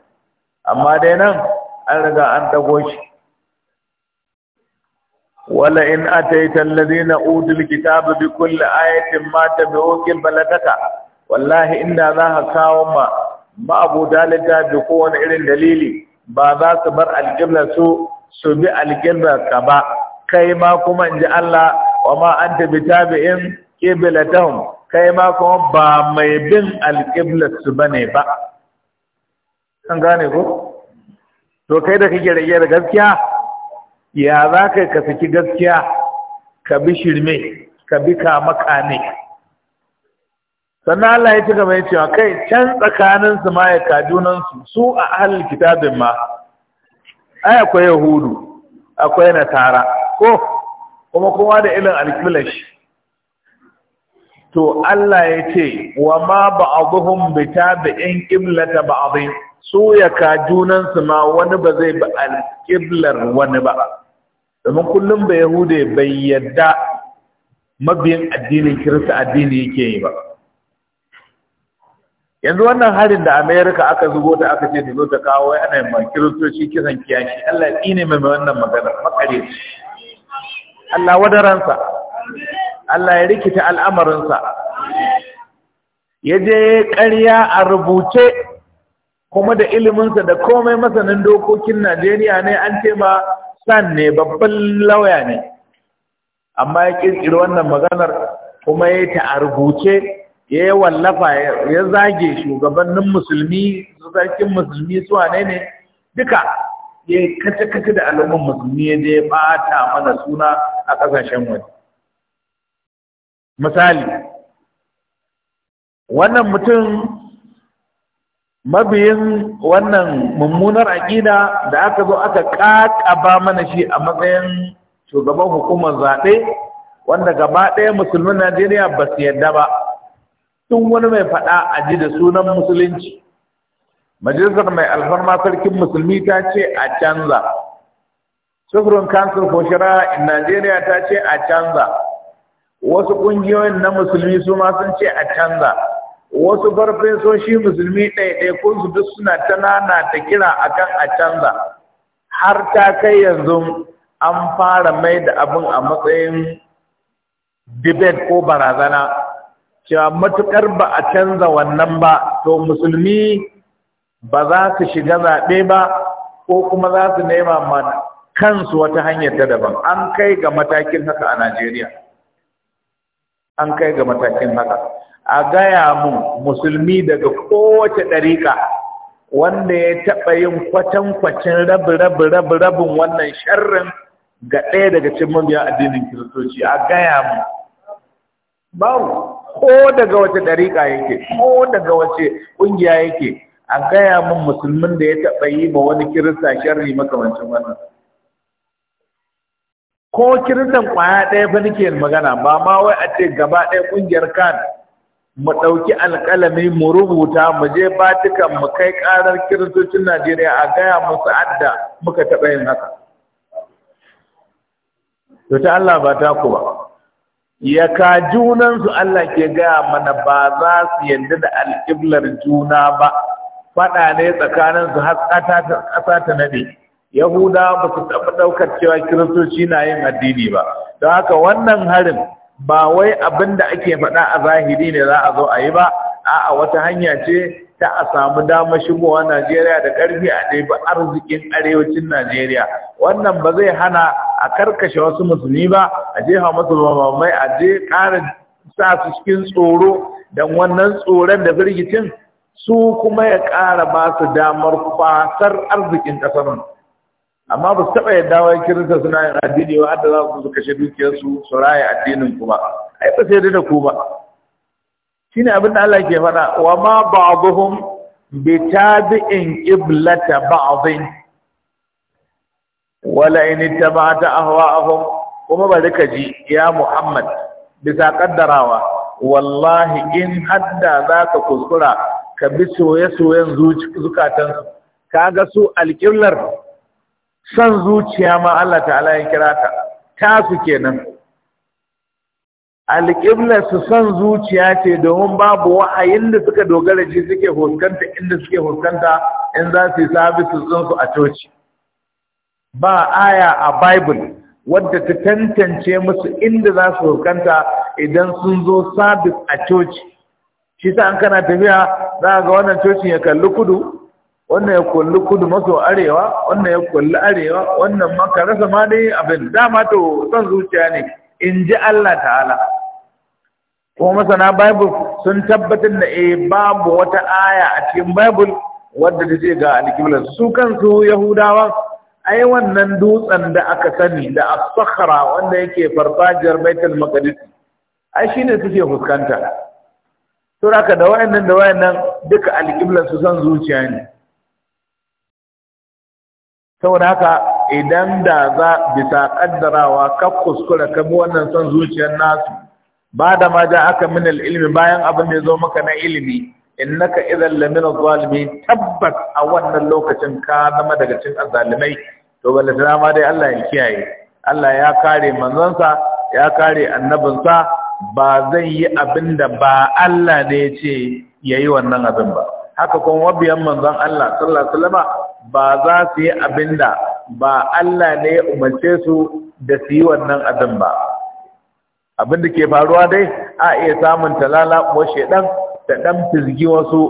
B: amma dai nan an riga an dago shi wala in ataita alladhina utul kitaba bi kulli ayatin ma tabi'u kibalataka wallahi inda za ka kawo ma babu dalilta bi kowane irin dalili ba za su bar aljibla su su bi aljibla ka ba kai ma kuma inji Allah wa ma anta bi tabi'in kiblatahum kai ma kuma ba mai bin alƙibla su bane ba an gane ko to kai da kake rage da gaskiya ya za ka ka saki gaskiya ka bi shirme ka bi kamaka ne sannan Allah ya ci gaba ya cewa kai can tsakaninsu ma ya kajunansu su a ahalin kitabin ma ai akwai yahudu akwai nasara ko kuma kowa da ilin alkilash. to Allah ya ce wa ma ba'aduhum bi tabi'in qiblata ba'dhin su ya ka junansu ma wani ba zai bi alkiblar wani ba domin kullum ba yahude bai yadda mabiyin addinin kirista addini yake yi ba yanzu wannan harin da amerika aka zubo ta aka ce ta zo ta kawo ya ana ma kiristoci kisan kiyashi allah ya ne mai wannan magana makare allah wadaransa allah ya rikita al'amarinsa ya je karya a rubuce kuma da iliminsa da komai masanin dokokin najeriya ne an ce ba san ne babban lauya ne amma ya kirkiri wannan maganar kuma ya ta a rubuce ya yi wallafa ya zage shugabannin musulmi sarkin musulmi su ne ne duka ya yi kace-kace da al'ummar musulmi ya je bata mana suna a ƙasashen waje misali wannan mutum mabiyin wannan mummunar aƙida da aka zo aka ƙaƙaba mana shi a matsayin shugaban hukumar zaɓe wanda gaba ɗaya musulmin najeriya ba su yadda ba tun wani mai faɗa a ji da sunan musulunci majalisar mai alfarma sarkin musulmi ta ce a canza sufurin kansar ko shari'a in najeriya ta ce a canza wasu ƙungiyoyin na musulmi su ma sun ce a canza wasu farfesoshi musulmi ɗaiɗai kun su duk suna ta nana ta kira akan a canza har ta kai yanzu an fara mai da abin a matsayin dibet ko barazana cewa matukar ba a canza wannan ba to musulmi ba za su shiga zaɓe ba ko kuma za su nema ma kansu wata hanyar ta daban an kai ga matakin haka a Najeriya an kai ga matakin haka a gaya mun musulmi daga kowace ɗariƙa wanda ya taɓa yin kwacen kwacen rabin rabin rabin wannan sharrin ga ɗaya daga cikin mabiya addinin kiristoci a gaya mun babu ko daga wace ɗariƙa yake ko daga wace ƙungiya yake a gaya mun musulmin da ya taɓa yi ma wani kirista sharri makamancin wannan ko kiristan ƙwaya ɗaya fa nake magana ba ma wai a ce gaba ɗaya ƙungiyar kan mu ɗauki alƙalami mu rubuta mu je batukan mu kai ƙarar kiristocin najeriya a gaya musu adda muka taɓa yin haka to ta allah ba ta ku ba ya ka junansu allah ke gaya mana ba za su yarda da alƙiblar juna ba faɗa ne tsakanin tsakaninsu har ƙasa ta naɗe yahudawa ba su taɓa ɗaukar cewa kiristoci na yin addini ba don haka wannan harin ba wai abin da ake faɗa a zahiri ne za a zo a yi ba a'a wata hanya ce ta a samu damar shigowa Najeriya da ƙarfi a ɗaya arzikin arewacin Najeriya wannan ba zai hana a karkashe wasu musulmi ba a jefa musu mamamai a je ƙara sa su cikin tsoro don wannan tsoron da birgicin su kuma ya ƙara ba su damar kwasar arzikin ƙasar amma ba su taɓa yadda wai kirista suna yin addini ba hada za su kashe dukiyarsu su raya addinin kuma ai ba sai da ku ba ne abin da Allah ke faɗa wa ma ba'dhum bi tabi'in qiblata ba'dhin wala in ittaba'ta ahwa'ahum kuma bari ka ji ya Muhammad bisa kaddarawa wallahi in hadda za ka kuskura ka bi soye-soyen zukatansu ga su alƙiblar san zuciya ma Allah ta'ala ya kira ta tasu kenan alƙibla su son zuciya ce domin babu wa'ayin da suka dogara ji suke huskanta inda suke huskanta in za su yi sabisu su a coci ba aya a bible wadda ta tantance musu inda za su huskanta idan sun zo sabis a coci shi ta an kana tafiya za ga wannan cocin ya kalli kudu wannan ya kulli kudu maso arewa wannan ya kulli arewa wannan maka rasa ma dai abin dama to son zuciya ne in ji Allah ta'ala kuma masana bible sun tabbatar da eh babu wata aya a cikin bible wadda ta ce ga alkiblar su kansu yahudawa ai wannan dutsen da aka sani da as wanda yake farfajiyar baitul maqdis ai shine suke fuskanta to haka da wayannan da wayannan duka alkiblar su san zuciya ne saboda haka idan da za bisa kaddarawa ka kuskura ka bi wannan son zuciyar nasu ba da ma ja aka min ilimi, bayan abin da ya zo maka na ilimi innaka idan min zalimi tabbas a wannan lokacin ka zama daga cikin azzalimai to balle da ma dai Allah ya kiyaye Allah ya kare manzonsa ya kare annabinsa ba zai yi abin da ba Allah ne ya ce yayi wannan abin ba haka kuma mabiyan manzon Allah sallallahu alaihi wasallam ba za su yi abin da ba Allah ne ya umarce su da su yi wannan abin ba abin da ke faruwa dai a iya samun talala ko shaidan da ɗan fizgi wasu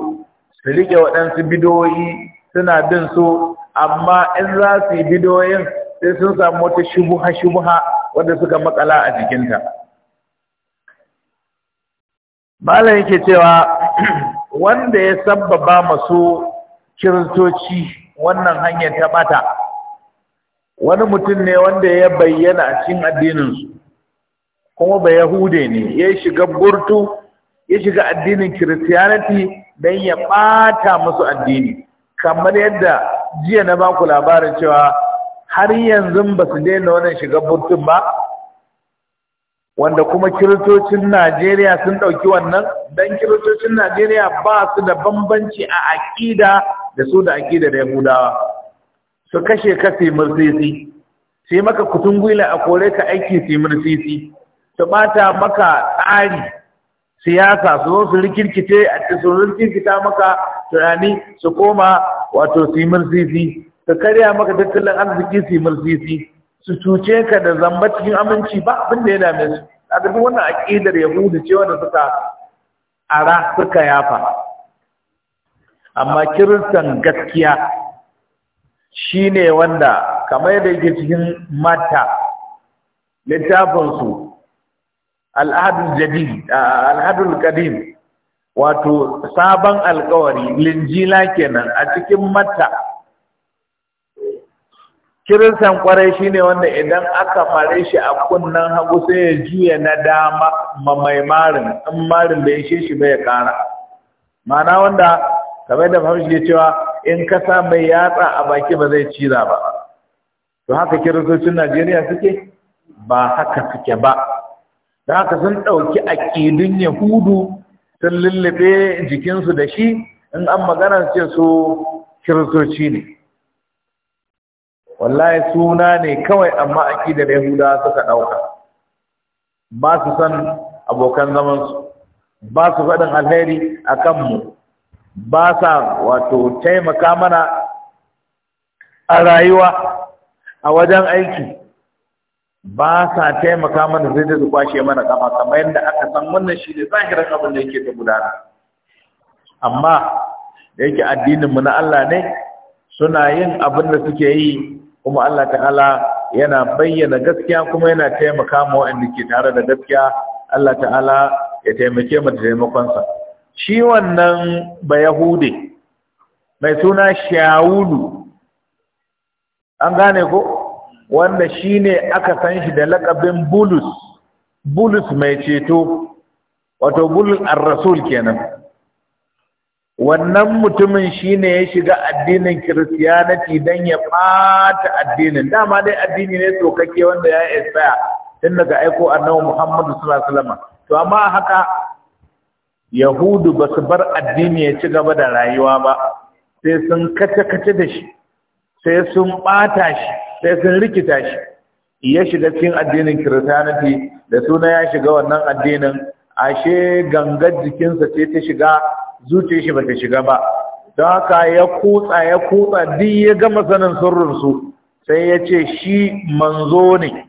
B: su riƙe waɗansu bidoyi suna bin su amma in za su yi bidoyin sai sun samu wata shubuha shubuha wadda suka makala a jikinta malam yake cewa wanda ya sabbaba masu kiristoci wannan hanyar ta bata wani mutum ne wanda ya bayyana a cikin addininsu kuma ba yahude ne ya shiga burtu ya shiga addinin christianity don ya bata musu addini kamar yadda jiya na baku labarin cewa har yanzu ba su daina wannan shiga burtun ba wanda kuma kiristocin Najeriya sun ɗauki wannan don kiristocin Najeriya ba su da bambanci a aƙida da su da aƙida da Yahudawa su kashe ka mursisi sai maka kutun gwila a kore ka aiki su mursisi su ɓata maka tsari siyasa su zo su rikirkice a su rikirkita maka tunani su koma wato su mursisi su karya maka tattalin arziki su mursisi su cuce ka da zamba cikin aminci ba abin da ya dame su a ƙarfi wannan aƙidar yahudu cewa da suka ara suka yafa amma kiristan gaskiya shi ne wanda kamar yadda yake cikin mata littafinsu al'adul jadid al'adul kadim wato sabon alkawari linjila kenan a cikin mata kirinsan kwarai shine wanda idan aka fare shi a kunnen hagu sai ya juya na dama ma mai marin in marin bai ishe shi bai kara mana wanda kamar da fahimci ke cewa in kasa mai yatsa a baki ba zai cira ba to haka kiristocin najeriya suke ba haka suke ba da haka sun ɗauki aƙidun yahudu sun lullube jikinsu da shi in an magana ce su kiristoci ne wallahi suna ne kawai amma akidar yahuda suka ɗauka ba su san abokan zamansu ba su fadin alheri akan mu ba sa wato taimaka mana a rayuwa a wajen aiki ba sa taimaka mana zai da su kwashe mana kama kamar yadda aka san wannan shi ne zahirin abin da yake ta gudana amma da yake addininmu na Allah ne suna yin abin da suke yi kuma Allah ta'ala yana bayyana gaskiya kuma yana taimaka ma waɗanda ke tare da gaskiya Allah ta'ala ya taimake mu da taimakonsa shi wannan bayahude mai suna shawulu an gane ko wanda shi ne aka san shi da lakabin bulus bulus mai ceto wato bulus ar-rasul kenan wannan mutumin shine ya shiga addinin kiristiyaniti don ya fata addinin dama dai addini ne tsokake wanda ya isaya tun daga aiko annabi muhammadu sallallahu to amma haka yahudu ba su bar addini ya ci gaba da rayuwa ba sai sun kace-kace da shi sai sun ɓata shi sai sun rikita shi ya shiga cikin addinin kiristaniti da suna ya shiga wannan addinin ashe gangar jikinsa ce ta shiga zuce shi ba ta shiga ba don haka ya kutsa ya kutsa duk ya gama sanin sirrinsu sai ya ce shi manzo ne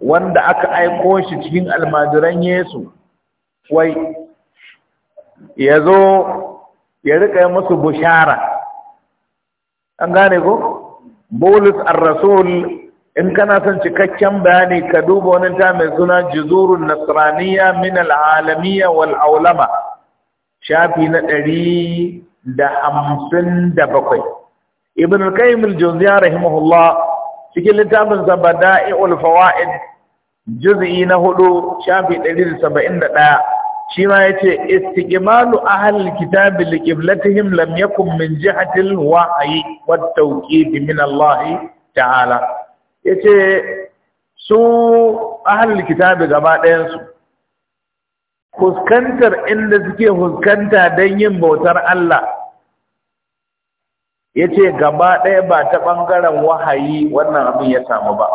B: wanda aka aiko shi cikin almajiran yesu wai ya zo ya riƙa musu bushara an gane ko bolus ar-rasul in kana son cikakken bayani ka duba wani ta mai suna juzurun nasraniya min al'alamiya wal aulama shafi na ɗari da hamsin da bakwai ibn al-qayyim al-jawziya rahimahullah cikin littafin sa bada'i'ul fawaid juz'i na hudu shafi 171 shi ma yace istiqmalu ahlil kitab li qiblatihim lam yakun min jihati al-wahyi wat tawqid min Allah ta'ala ya ce su ahalul kitabi gaba ɗayansu fuskantar inda suke fuskanta don yin bautar Allah ya ce gaba ɗaya ba ta ɓangaren wahayi wannan abin ya samu ba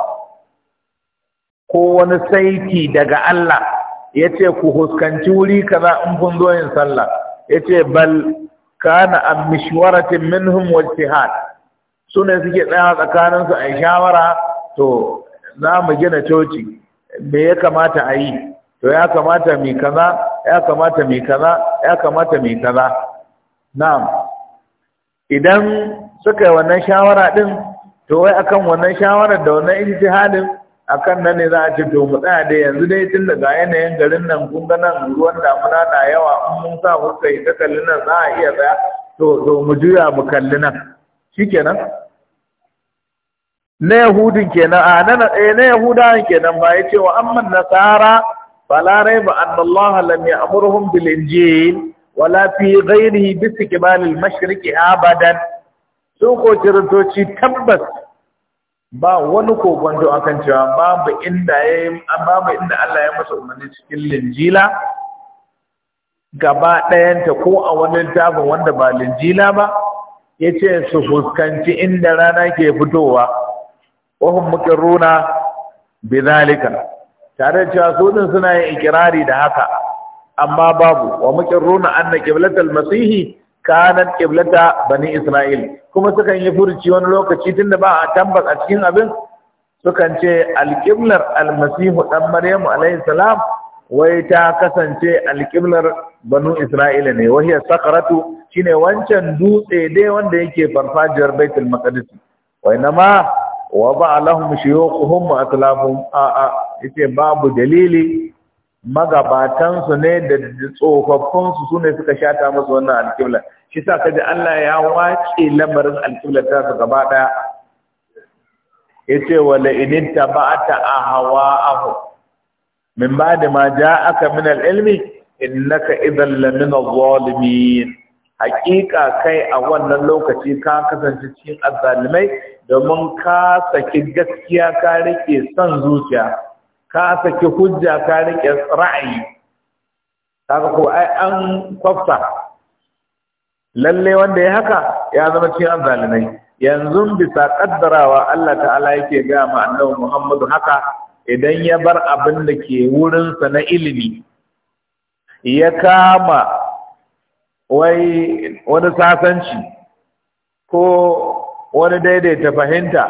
B: ko wani saiti daga Allah ya ce ku huskanci wuri kaza in kun zo yin sallah ya ce bal kana an mishwaratin minhum wajtihad su ne suke tsaya tsakaninsu a shawara to za mu gina coci me ya kamata a yi to ya kamata mai kaza ya kamata mai kaza ya kamata mai kaza na'am idan suka yi wannan shawara ɗin, to wai akan wannan shawarar da wannan ijtihadin akan nan ne za a ce to mu tsaya dai yanzu dai tun daga yanayin garin nan kun ga nan ruwan damuna na yawa in mun sa muka yi ta kalli nan za a iya tsaya to to mu juya mu kalli nan shikenan na yahudin kenan a eh, na yahudawan kenan ba ya ce wa amman nasara fala raiba anna allaha lam ya'murhum bil injil wala fi ghairihi bi istiqbal al mashriq abadan su ko kiristoci tabbas ba wani kokonto akan cewa babu inda yayi babu inda Allah ya masa umarni cikin linjila gaba ɗayanta ko a wani littafin wanda ba linjila ba yace su fuskanci inda rana ke fitowa wahum muqirruna bidhalika tare da cewa su din suna yin ikirari da haka amma babu wa muqirruna anna qiblatal masihi kanat qiblata bani isra'il kuma sukan yi furuci wani lokaci tunda ba a tambas a cikin abin sukan ce alqiblar almasihu dan maryamu alayhi salam wai ta kasance alƙiblar banu isra'ila ne wahiyar sakaratu shine wancan dutse dai wanda yake farfajiyar baitul maqdis wai wa ba lahum shuyukhum wa atlafum a a yace babu dalili magabatan su ne da tsofaffin su sune suka shata musu wannan alƙibla shi sa kaji Allah ya wace lamarin alƙibla ta su gaba daya yace wala a tabata ahu min bada ma ja'aka min alilmi ilmi innaka idhan lamin adh-dhalimin haƙiƙa kai a wannan lokaci ka kasance cikin azalimai? domin ka saki gaskiya ka rike son zuciya ka saki hujja ka rike ra'ayi kaga ko ai an kwafta lalle wanda ya haka ya zama cikin azalimai yanzu bisa kaddarawa Allah ta'ala yake ga ma annabi Muhammadu haka idan ya bar abin da ke wurinsa na ilimi ya kama wai wani sasanci ko wani daidaita fahimta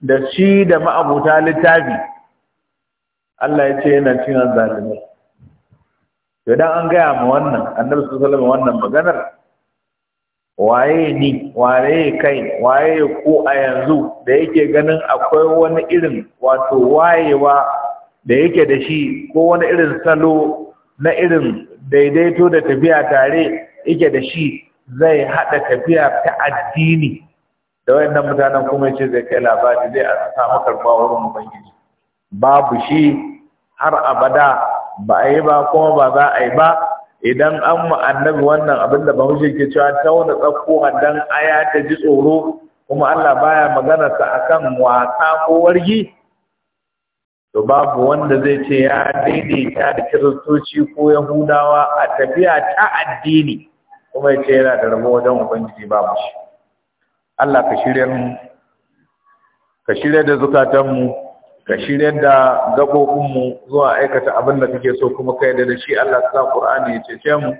B: da shi da ma'abuta littafi Allah ya ce yana cin zalimai to dan an gaya ma wannan annabi sallallahu alaihi wasallam wannan maganar waye ni waye kai waye ku a yanzu da yake ganin akwai wani irin wato wayewa da yake da shi ko wani irin salo na irin daidaito da tafiya tare yake da shi zai haɗa tafiya ta addini da wayannan mutanen kuma ce zai kai labari zai a samu karba wurin ubangiji babu shi har abada ba a yi ba kuma ba za a yi ba idan an mu annabi wannan abin da bahaushe ke cewa ta wani tsakko dan aya ta ji tsoro kuma Allah baya magana sa akan wasa ko wargi to babu wanda zai ce ya daidaita da kiristoci ko yahudawa a tafiya ta addini kuma ya ce yana da rabo wajen ubangiji babu shi Allah ka shirya mu ka shirya da zukatanmu ka shirya da gaɓoɓinmu zuwa aikata abin da kake so kuma ka yarda da shi Allah ta Qur'ani ya cece mu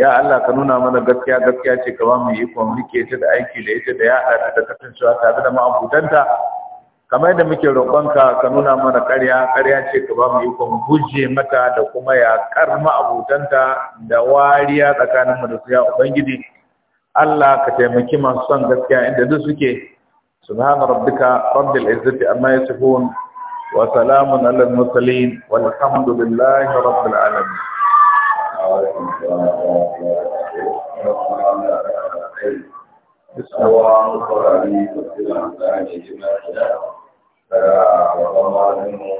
B: ya Allah ka nuna mana gaskiya gaskiya ce ka ba mu ikon mu da aiki da ita da ya hada da kasancewa tare da ma'abutanta kamar da muke roƙonka ka nuna mana ƙarya ƙarya ce ka ba mu ikon guje mata da kuma yaƙar ma'abutanta da wariya tsakaninmu da su ya ubangiji Allah ka taimaki masu son gaskiya inda duk suke subhana rabbika rabbil izzati amma yasifun wa salamun alal mursalin walhamdulillahi rabbil alamin
A: Bismillah.